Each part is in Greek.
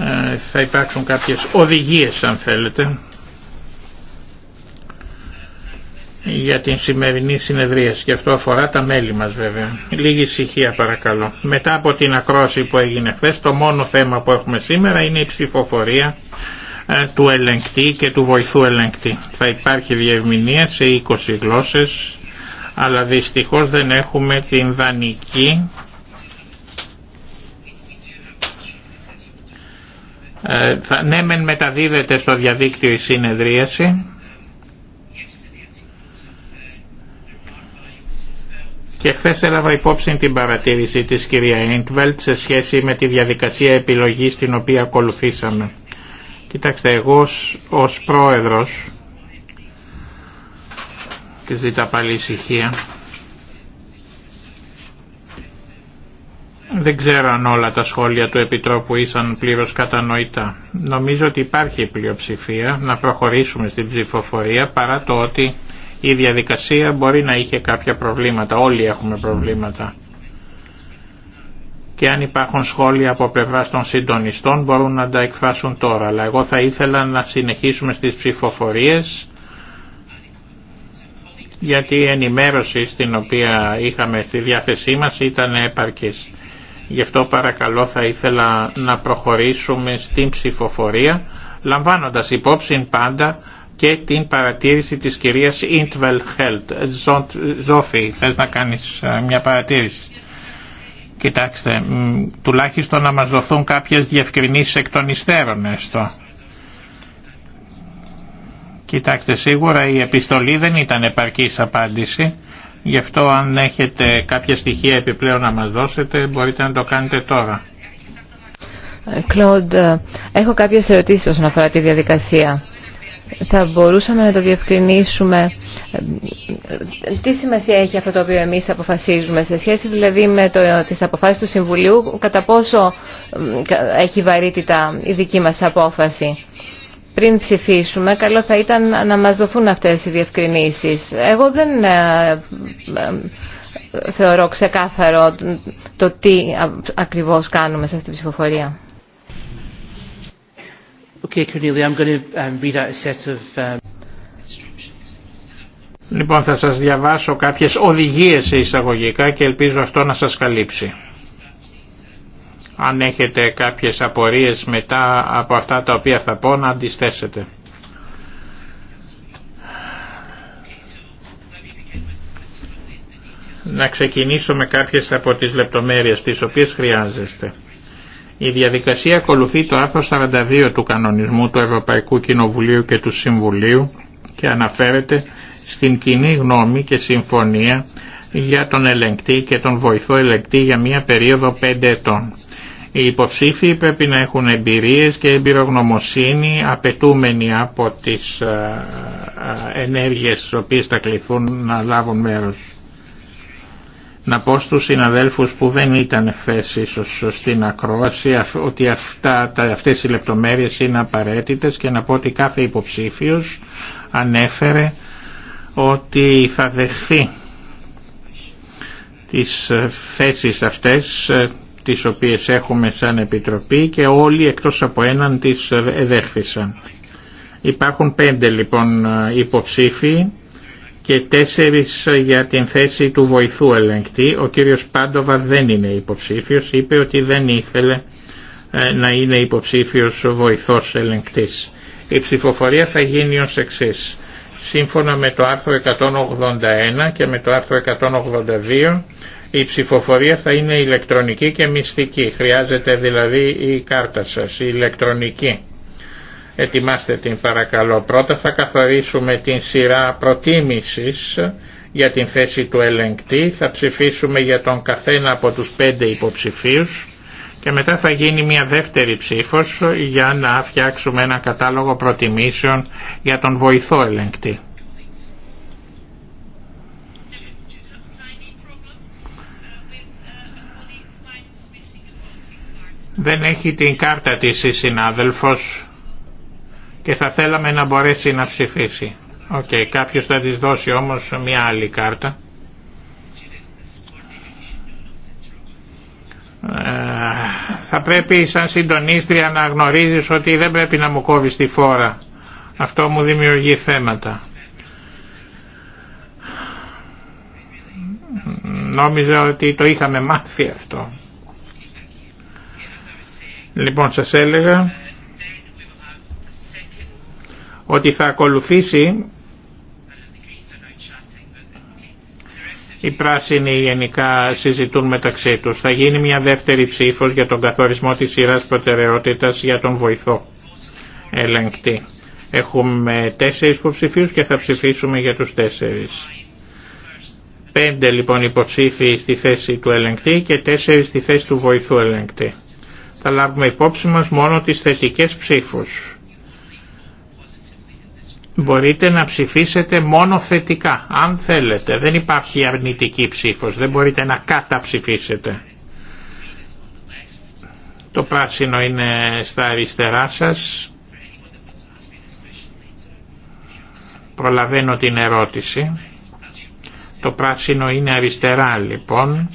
Ε, θα υπάρξουν κάποιες οδηγίες αν θέλετε για την σημερινή συνεδρία. και αυτό αφορά τα μέλη μας βέβαια. Λίγη ησυχία παρακαλώ. Μετά από την ακρόση που έγινε χθε, το μόνο θέμα που έχουμε σήμερα είναι η ψηφοφορία ε, του ελεγκτή και του βοηθού ελεγκτή. Θα υπάρχει διευμηνία σε 20 γλώσσες αλλά δυστυχώς δεν έχουμε την δανική Ε, θα, ναι μεν μεταδίδεται στο διαδίκτυο η συνεδρίαση και χθε έλαβα υπόψη την παρατήρηση της κυρία Ίντβελτ σε σχέση με τη διαδικασία επιλογής την οποία ακολουθήσαμε. Κοιτάξτε, εγώ ως πρόεδρος και ζητά πάλι ησυχία Δεν ξέρω αν όλα τα σχόλια του Επιτρόπου ήσαν πλήρως κατανοητά. Νομίζω ότι υπάρχει πλειοψηφία να προχωρήσουμε στην ψηφοφορία παρά το ότι η διαδικασία μπορεί να είχε κάποια προβλήματα. Όλοι έχουμε προβλήματα. Και αν υπάρχουν σχόλια από πλευρά των συντονιστών μπορούν να τα εκφράσουν τώρα. Αλλά εγώ θα ήθελα να συνεχίσουμε στις ψηφοφορίες γιατί η ενημέρωση στην οποία είχαμε στη διάθεσή μας ήταν επαρκής. Γι' αυτό παρακαλώ θα ήθελα να προχωρήσουμε στην ψηφοφορία λαμβάνοντας υπόψη πάντα και την παρατήρηση της κυρίας Ιντβελ Χέλτ. Ζόφι, θες να κάνεις ε, μια παρατήρηση. Κοιτάξτε, τουλάχιστον να μας δοθούν κάποιες διευκρινήσεις εκ των υστέρων έστω. Κοιτάξτε, σίγουρα η επιστολή δεν ήταν επαρκής απάντηση Γι' αυτό αν έχετε κάποια στοιχεία επιπλέον να μας δώσετε μπορείτε να το κάνετε τώρα. Ε, Κλοντ, ε, έχω κάποιες ερωτήσεις όσον αφορά τη διαδικασία. Θα μπορούσαμε να το διευκρινίσουμε ε, τι σημασία έχει αυτό το οποίο εμείς αποφασίζουμε σε σχέση δηλαδή με το, τις αποφάσεις του Συμβουλίου κατά πόσο έχει βαρύτητα η δική μας απόφαση πριν ψηφίσουμε, καλό θα ήταν να μας δοθούν αυτές οι διευκρινήσεις. Εγώ δεν ε, ε, ε, θεωρώ ξεκάθαρο το τι ακριβώς κάνουμε σε αυτή την ψηφοφορία. Okay, Cornelia, I'm going to um, read out a set of... Um, λοιπόν, θα σας διαβάσω κάποιες οδηγίες εισαγωγικά και ελπίζω αυτό να σας καλύψει. Αν έχετε κάποιες απορίες μετά από αυτά τα οποία θα πω να αντιστέσετε. Να ξεκινήσω με κάποιες από τις λεπτομέρειες τις οποίες χρειάζεστε. Η διαδικασία ακολουθεί το άρθρο 42 του κανονισμού του Ευρωπαϊκού Κοινοβουλίου και του Συμβουλίου και αναφέρεται στην κοινή γνώμη και συμφωνία για τον ελεγκτή και τον βοηθό ελεγκτή για μία περίοδο 5 ετών. Οι υποψήφοι πρέπει να έχουν εμπειρίες και εμπειρογνωμοσύνη απαιτούμενοι από τις ε, ε, ενέργειες στις οποίες θα κληθούν να λάβουν μέρος. Να πω στους συναδέλφους που δεν ήταν χθε ίσως στην ακρόαση ότι αυτά, τα, αυτές οι λεπτομέρειες είναι απαραίτητες και να πω ότι κάθε υποψήφιος ανέφερε ότι θα δεχθεί τις ε, θέσεις αυτές τις οποίες έχουμε σαν Επιτροπή και όλοι εκτός από έναν τις εδέχθησαν. Υπάρχουν πέντε λοιπόν υποψήφοι και τέσσερις για την θέση του βοηθού ελεγκτή. Ο κύριος Πάντοβα δεν είναι υποψήφιος, είπε ότι δεν ήθελε ε, να είναι υποψήφιος βοηθός ελεγκτής. Η ψηφοφορία θα γίνει ως εξής. Σύμφωνα με το άρθρο 181 και με το άρθρο 182 η ψηφοφορία θα είναι ηλεκτρονική και μυστική. Χρειάζεται δηλαδή η κάρτα σας, η ηλεκτρονική. Ετοιμάστε την παρακαλώ. Πρώτα θα καθορίσουμε την σειρά προτίμησης για την θέση του ελεγκτή. Θα ψηφίσουμε για τον καθένα από τους πέντε υποψηφίους και μετά θα γίνει μια δεύτερη ψήφος για να φτιάξουμε ένα κατάλογο προτιμήσεων για τον βοηθό ελεγκτή. Δεν έχει την κάρτα της η συνάδελφος και θα θέλαμε να μπορέσει να ψηφίσει. Οκ, okay, κάποιος θα της δώσει όμως μια άλλη κάρτα. θα πρέπει σαν συντονίστρια να γνωρίζεις ότι δεν πρέπει να μου κόβεις τη φόρα. Αυτό μου δημιουργεί θέματα. Νόμιζα ότι το είχαμε μάθει αυτό. Λοιπόν σας έλεγα ότι θα ακολουθήσει Οι πράσινοι γενικά συζητούν μεταξύ τους. Θα γίνει μια δεύτερη ψήφος για τον καθορισμό της σειράς προτεραιότητας για τον βοηθό ελεγκτή. Έχουμε τέσσερις υποψηφίους και θα ψηφίσουμε για τους τέσσερις. Πέντε λοιπόν υποψήφοι στη θέση του ελεγκτή και τέσσερις στη θέση του βοηθού ελεγκτή. Θα λάβουμε υπόψη μας μόνο τις θετικές ψήφους μπορείτε να ψηφίσετε μόνο θετικά, αν θέλετε. Δεν υπάρχει αρνητική ψήφος, δεν μπορείτε να καταψηφίσετε. Το πράσινο είναι στα αριστερά σας. Προλαβαίνω την ερώτηση. Το πράσινο είναι αριστερά λοιπόν.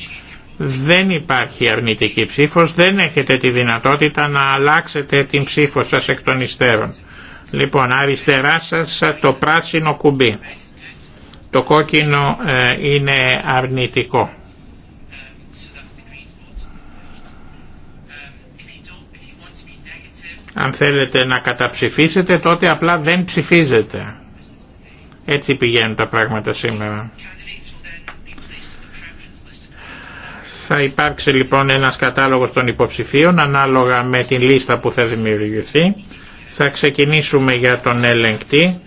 Δεν υπάρχει αρνητική ψήφος, δεν έχετε τη δυνατότητα να αλλάξετε την ψήφο σας εκ των υστέρων. Λοιπόν, αριστερά σας το πράσινο κουμπί. Το κόκκινο ε, είναι αρνητικό. Αν θέλετε να καταψηφίσετε τότε απλά δεν ψηφίζετε. Έτσι πηγαίνουν τα πράγματα σήμερα. Θα υπάρξει λοιπόν ένας κατάλογος των υποψηφίων ανάλογα με την λίστα που θα δημιουργηθεί θα ξεκινήσουμε για τον ελεγκτή.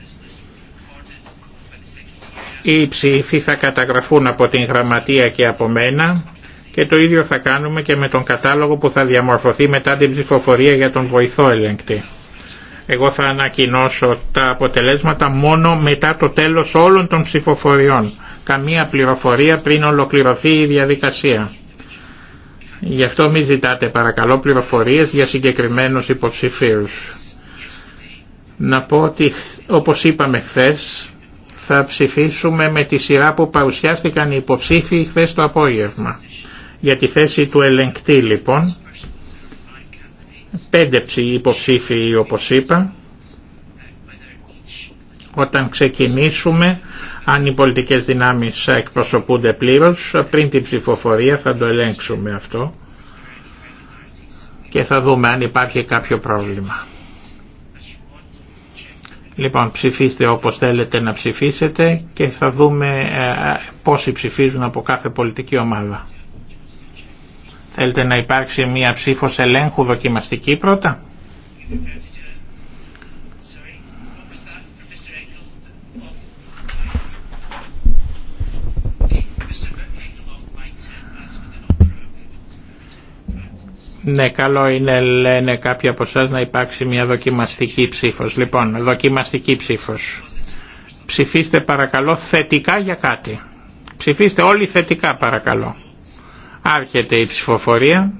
Οι ψήφοι θα καταγραφούν από την γραμματεία και από μένα και το ίδιο θα κάνουμε και με τον κατάλογο που θα διαμορφωθεί μετά την ψηφοφορία για τον βοηθό ελεγκτή. Εγώ θα ανακοινώσω τα αποτελέσματα μόνο μετά το τέλος όλων των ψηφοφοριών. Καμία πληροφορία πριν ολοκληρωθεί η διαδικασία. Γι' αυτό μην ζητάτε παρακαλώ πληροφορίες για συγκεκριμένους υποψηφίους να πω ότι όπως είπαμε χθε θα ψηφίσουμε με τη σειρά που παρουσιάστηκαν οι υποψήφοι χθε το απόγευμα. Για τη θέση του ελεγκτή λοιπόν, πέντε υποψήφοι όπως είπα, όταν ξεκινήσουμε αν οι πολιτικές δυνάμεις εκπροσωπούνται πλήρως πριν την ψηφοφορία θα το ελέγξουμε αυτό και θα δούμε αν υπάρχει κάποιο πρόβλημα. Λοιπόν, ψηφίστε όπως θέλετε να ψηφίσετε και θα δούμε ε, πόσοι ψηφίζουν από κάθε πολιτική ομάδα. Θέλετε να υπάρξει μία ψήφος ελέγχου δοκιμαστική πρώτα. Ναι, καλό είναι, λένε κάποιοι από εσά να υπάρξει μια δοκιμαστική ψήφος. Λοιπόν, δοκιμαστική ψήφος. Ψηφίστε παρακαλώ θετικά για κάτι. Ψηφίστε όλοι θετικά παρακαλώ. Άρχεται η ψηφοφορία.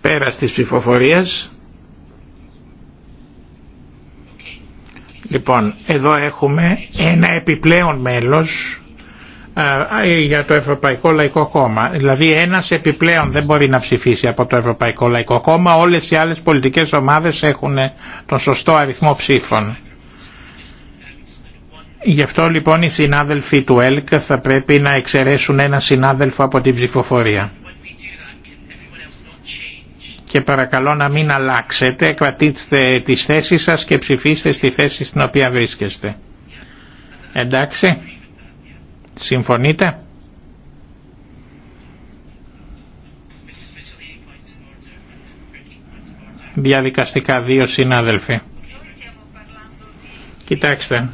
Πέρα της ψηφοφορίας. Λοιπόν, εδώ έχουμε ένα επιπλέον μέλος ε, ε, για το Ευρωπαϊκό Λαϊκό Κόμμα. Δηλαδή ένας επιπλέον δεν μπορεί να ψηφίσει από το Ευρωπαϊκό Λαϊκό Κόμμα. Όλες οι άλλες πολιτικές ομάδες έχουν τον σωστό αριθμό ψήφων. Γι' αυτό λοιπόν οι συνάδελφοι του ΕΛΚ θα πρέπει να εξαιρέσουν ένα συνάδελφο από την ψηφοφορία και παρακαλώ να μην αλλάξετε, κρατήστε τις θέσεις σας και ψηφίστε στη θέση στην οποία βρίσκεστε. Εντάξει, συμφωνείτε. Διαδικαστικά δύο συνάδελφοι. Κοιτάξτε,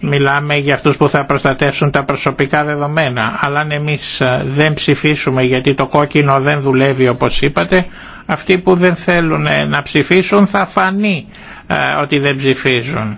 μιλάμε για αυτούς που θα προστατεύσουν τα προσωπικά δεδομένα. Αλλά αν εμείς ε, δεν ψηφίσουμε γιατί το κόκκινο δεν δουλεύει όπως είπατε, αυτοί που δεν θέλουν ε, να ψηφίσουν θα φανεί ε, ότι δεν ψηφίζουν.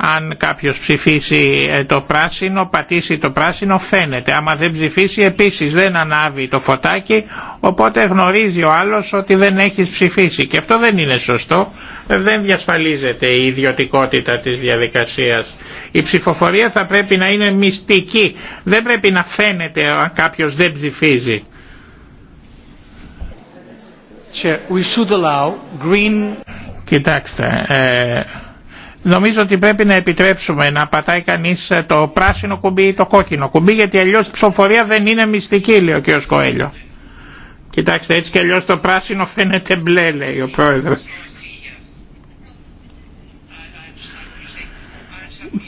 Αν κάποιος ψηφίσει ε, το πράσινο, πατήσει το πράσινο φαίνεται. Άμα δεν ψηφίσει επίσης δεν ανάβει το φωτάκι, οπότε γνωρίζει ο άλλος ότι δεν έχεις ψηφίσει. Και αυτό δεν είναι σωστό, δεν διασφαλίζεται η ιδιωτικότητα της διαδικασίας. Η ψηφοφορία θα πρέπει να είναι μυστική, δεν πρέπει να φαίνεται αν κάποιος δεν ψηφίζει. Κοιτάξτε, ε, Νομίζω ότι πρέπει να επιτρέψουμε να πατάει κανείς το πράσινο κουμπί ή το κόκκινο κουμπί γιατί αλλιώς η ψηφοφορία δεν είναι μυστική λέει ο κ. Κοέλιο. Κοιτάξτε έτσι και αλλιώς το πράσινο φαίνεται μπλε λέει ο πρόεδρος.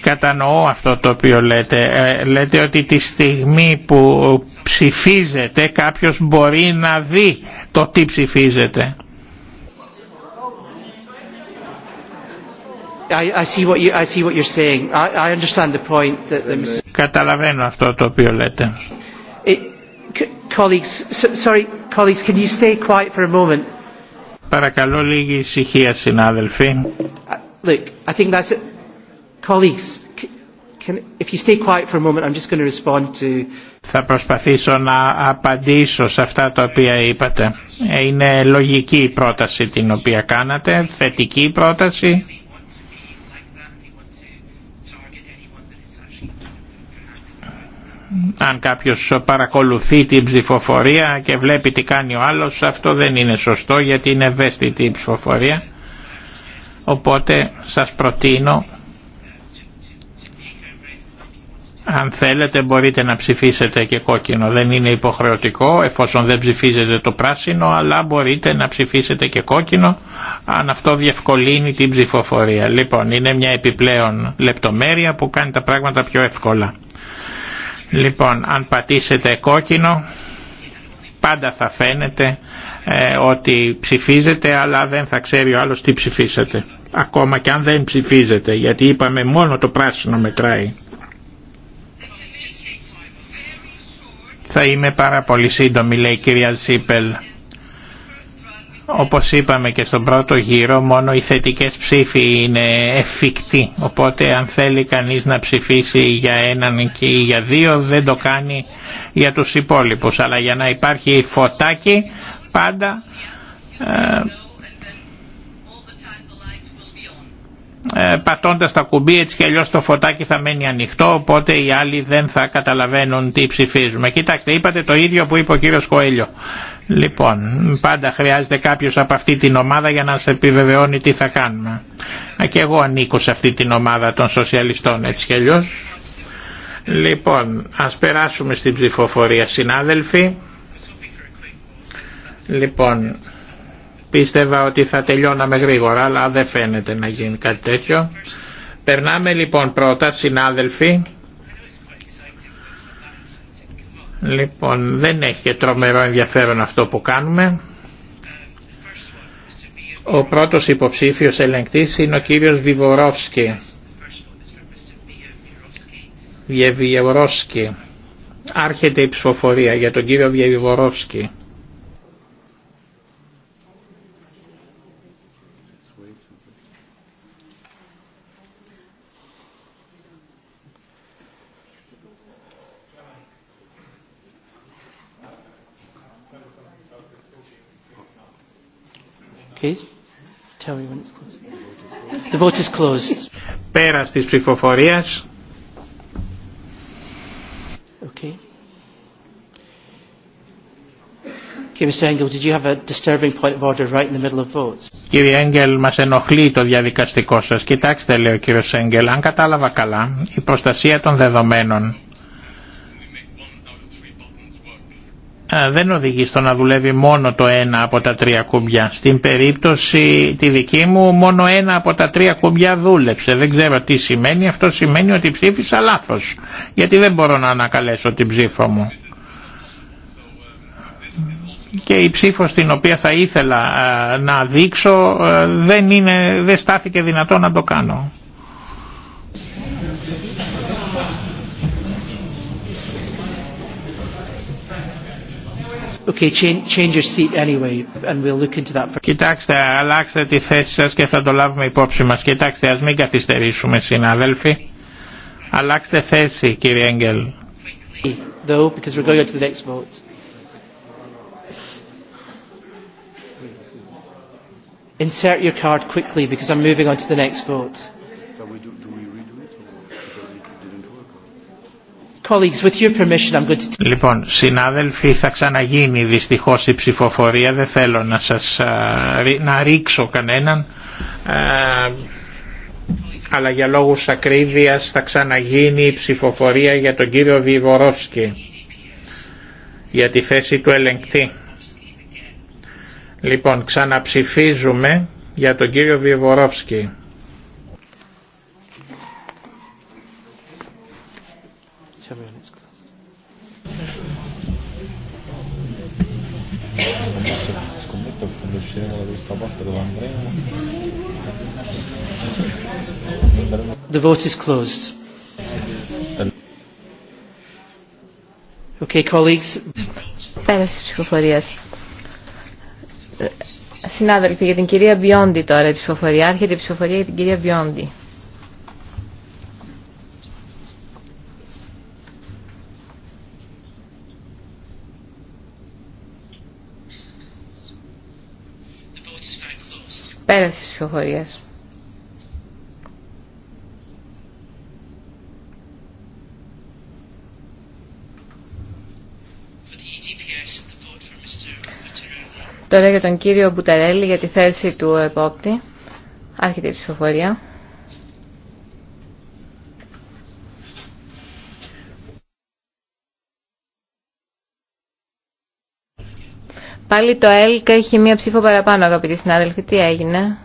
Κατανοώ αυτό το οποίο λέτε. Ε, λέτε ότι τη στιγμή που ψηφίζεται κάποιος μπορεί να δει το τι ψηφίζεται. Καταλαβαίνω αυτό το οποίο λέτε. Παρακαλώ λίγη ησυχία συνάδελφοι. Uh, look, I think that's it. Colleagues, can, if you stay quiet for a moment, I'm just going to respond to. Θα προσπαθήσω να απαντήσω σε αυτά τα οποία είπατε. Ε, είναι λογική η πρόταση την οποία κάνατε, θετική πρόταση αν κάποιος παρακολουθεί την ψηφοφορία και βλέπει τι κάνει ο άλλος αυτό δεν είναι σωστό γιατί είναι ευαίσθητη η ψηφοφορία οπότε σας προτείνω αν θέλετε μπορείτε να ψηφίσετε και κόκκινο δεν είναι υποχρεωτικό εφόσον δεν ψηφίζετε το πράσινο αλλά μπορείτε να ψηφίσετε και κόκκινο αν αυτό διευκολύνει την ψηφοφορία λοιπόν είναι μια επιπλέον λεπτομέρεια που κάνει τα πράγματα πιο εύκολα Λοιπόν, αν πατήσετε κόκκινο, πάντα θα φαίνεται ε, ότι ψηφίζετε, αλλά δεν θα ξέρει ο άλλος τι ψηφίσατε. Ακόμα και αν δεν ψηφίζετε, γιατί είπαμε μόνο το πράσινο μετράει. Θα είμαι πάρα πολύ σύντομη, λέει η κυρία Σίπελ. Όπως είπαμε και στον πρώτο γύρο, μόνο οι θετικές ψήφοι είναι εφικτοί. Οπότε αν θέλει κανείς να ψηφίσει για έναν και για δύο δεν το κάνει για τους υπόλοιπους. Αλλά για να υπάρχει φωτάκι πάντα ε, ε πατώντας τα κουμπί έτσι και αλλιώς το φωτάκι θα μένει ανοιχτό οπότε οι άλλοι δεν θα καταλαβαίνουν τι ψηφίζουμε. Κοιτάξτε είπατε το ίδιο που είπε ο κύριος Κοέλιο. Λοιπόν, πάντα χρειάζεται κάποιος από αυτή την ομάδα για να σε επιβεβαιώνει τι θα κάνουμε. Και εγώ ανήκω σε αυτή την ομάδα των σοσιαλιστών, έτσι κι αλλιώς. Λοιπόν, ας περάσουμε στην ψηφοφορία, συνάδελφοι. Λοιπόν, πίστευα ότι θα τελειώναμε γρήγορα, αλλά δεν φαίνεται να γίνει κάτι τέτοιο. Περνάμε λοιπόν πρώτα, συνάδελφοι, Λοιπόν, δεν έχει και τρομερό ενδιαφέρον αυτό που κάνουμε. Ο πρώτος υποψήφιος ελεγκτής είναι ο κύριος Βιβορόφσκι. Βιεβιεβορόφσκι. Άρχεται η ψηφοφορία για τον κύριο Βιεβιεβορόφσκι. The vote is closed. Πέρας της ψηφοφορίας. Okay. Okay, Mr. Engel, did you have a disturbing point of order right in the middle of votes? Κύριε Έγγελ, μας ενοχλεί το διαδικαστικό σας. Κοιτάξτε, λέει ο κύριος Έγγελ, αν κατάλαβα καλά, η προστασία των δεδομένων Ε, δεν οδηγεί στο να δουλεύει μόνο το ένα από τα τρία κουμπιά. Στην περίπτωση τη δική μου μόνο ένα από τα τρία κουμπιά δούλεψε. Δεν ξέρω τι σημαίνει. Αυτό σημαίνει ότι ψήφισα λάθος. Γιατί δεν μπορώ να ανακαλέσω την ψήφο μου. Και η ψήφος την οποία θα ήθελα ε, να δείξω ε, δεν, είναι, δεν στάθηκε δυνατό να το κάνω. Okay, change, change your seat anyway, and we'll look into that for... Κοιτάξτε, αλλάξτε τη θέση σας και θα το λάβουμε υπόψη μας. Κοιτάξτε, ας μην καθυστερήσουμε συναδέλφοι. Αλλάξτε θέση κύριε Έγγελ. Though, because we're going on to the next vote. Insert your card quickly because I'm moving on to the next vote. Λοιπόν, συνάδελφοι, θα ξαναγίνει δυστυχώς η ψηφοφορία. Δεν θέλω να σας να ρίξω κανέναν, αλλά για λόγους ακρίβειας θα ξαναγίνει η ψηφοφορία για τον κύριο Βιβορόφσκι, για τη θέση του ελεγκτή. Λοιπόν, ξαναψηφίζουμε για τον κύριο Βιβορόφσκι. Scommetto che quando usciremo da questa parte dove andremo. The vote is closed. Okay, colleagues. Πέρασε τη ψηφοφορία. Συνάδελφοι, για την κυρία Μπιόντι τώρα η ψηφοφορία. Άρχεται η ψηφοφορία για την κυρία Μπιόντι. Πέραση της ψηφοφορίας. E Τώρα για τον κύριο Μπουταρέλη για τη θέση του επόπτη. Άρχεται η ψηφοφορία. Πάλι το ΕΛΚ έχει μία ψήφο παραπάνω, αγαπητοί συνάδελφοι. Τι έγινε.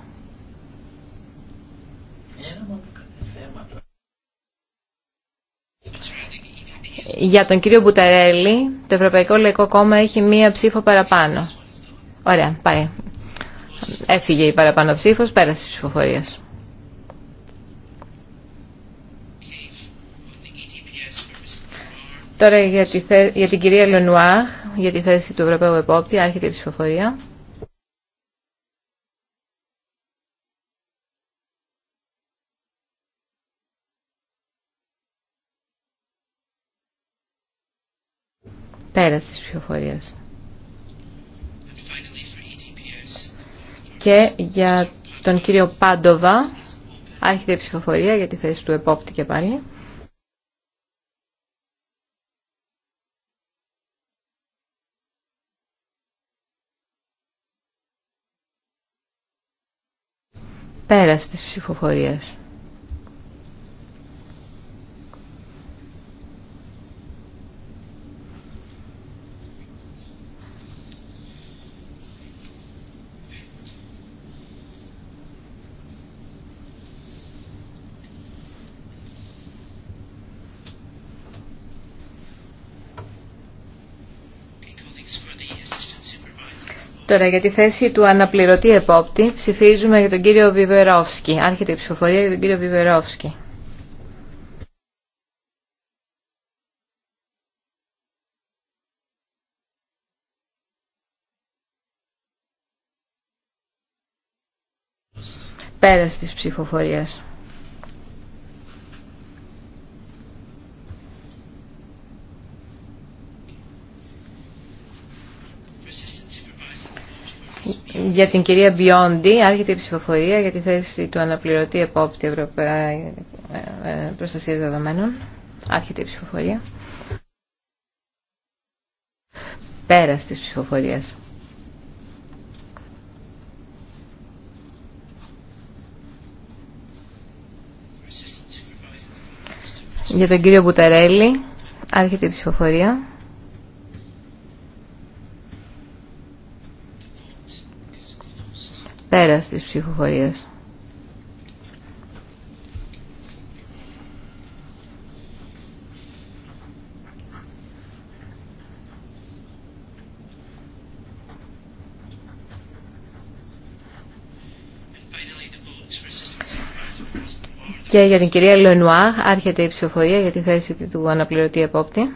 Για τον κύριο Μπουταρέλη, το Ευρωπαϊκό Λαϊκό Κόμμα έχει μία ψήφο παραπάνω. Ωραία, πάει. Έφυγε η παραπάνω ψήφος, πέρασε η ψηφοφορία. Τώρα για, την κυρία Λενουάχ, για τη θέση του Ευρωπαίου Επόπτη, άρχεται η ψηφοφορία. Πέρας της ψηφοφορίας. Και για τον κύριο Πάντοβα, άρχεται η ψηφοφορία για τη θέση του Επόπτη και πάλι. Πέρας της ψηφοφορίας. Τώρα για τη θέση του αναπληρωτή επόπτη ψηφίζουμε για τον κύριο Βιβερόφσκι. Άρχεται η ψηφοφορία για τον κύριο Βιβερόφσκι. Πέρας της ψηφοφορίας. Για την κυρία Μπιόντι, άρχεται η ψηφοφορία για τη θέση του αναπληρωτή επόπτη ε, ε, Προστασία Δεδομένων. Άρχεται η ψηφοφορία. Πέρα τη ψηφοφορία. Για τον κύριο Μπουταρέλη, άρχεται η ψηφοφορία. Πέρας της ψυχοφορίας. Και για την κυρία Λενουά άρχεται η ψηφοφορία για τη θέση του αναπληρωτή επόπτη.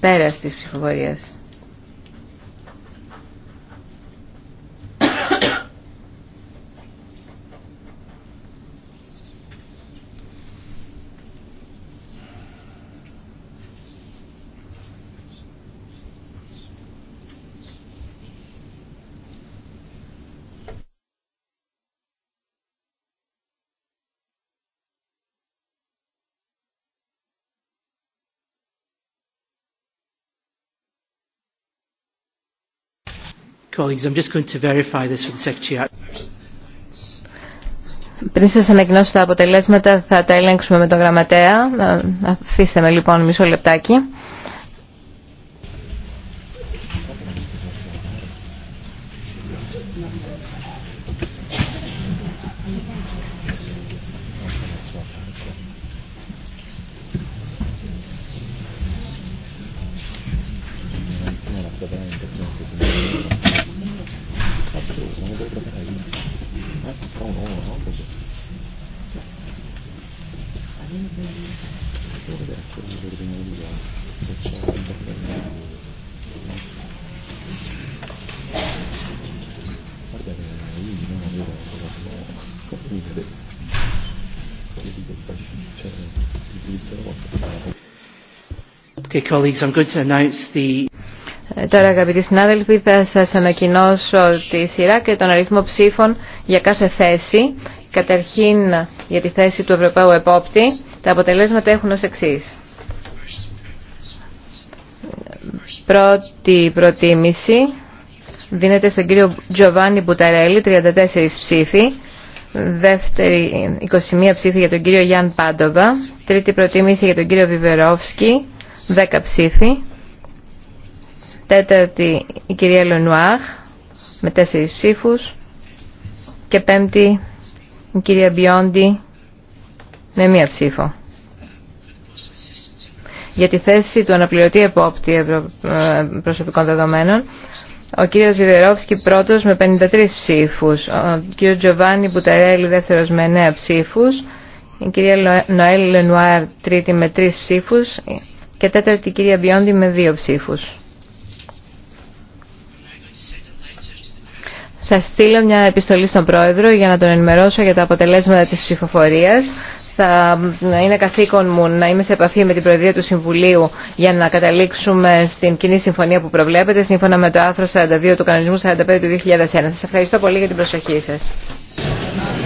Πέρας της Colleagues, I'm just going to verify this with the Secretary. Πριν σας ανακοινώσω τα αποτελέσματα θα τα ελέγξουμε με τον γραμματέα. Ε, αφήστε με λοιπόν μισό λεπτάκι. Ε, τώρα αγαπητοί συνάδελφοι θα σας ανακοινώσω τη σειρά και τον αριθμό ψήφων για κάθε θέση. Καταρχήν για τη θέση του Ευρωπαίου Επόπτη τα αποτελέσματα έχουν ω εξή. Πρώτη προτίμηση δίνεται στον κύριο Τζοβάνι Μπουταρέλη, 34 ψήφοι. Δεύτερη, 21 ψήφοι για τον κύριο Γιάν Πάντοβα. Τρίτη προτίμηση για τον κύριο Βιβερόφσκι, 10 ψήφοι. Τέταρτη η κυρία Λενουάχ με 4 ψήφου. Και πέμπτη η κυρία Μπιόντι με μία ψήφο. Για τη θέση του αναπληρωτή επόπτη ε, προσωπικών δεδομένων, ο κύριος Βιβερόφσκι πρώτος με 53 ψήφους, ο κύριος Τζοβάνι Μπουταρέλη δεύτερος με 9 ψήφους, η κυρία Νοέλ Λενουάρ τρίτη με 3 ψήφους, και τέταρτη κυρία Μπιόντι με δύο ψήφους. Θα στείλω μια επιστολή στον Πρόεδρο για να τον ενημερώσω για τα αποτελέσματα της ψηφοφορίας. Θα είναι καθήκον μου να είμαι σε επαφή με την Προεδρία του Συμβουλίου για να καταλήξουμε στην κοινή συμφωνία που προβλέπετε σύμφωνα με το άρθρο 42 του Κανονισμού 45 του 2001. Σας ευχαριστώ πολύ για την προσοχή σας.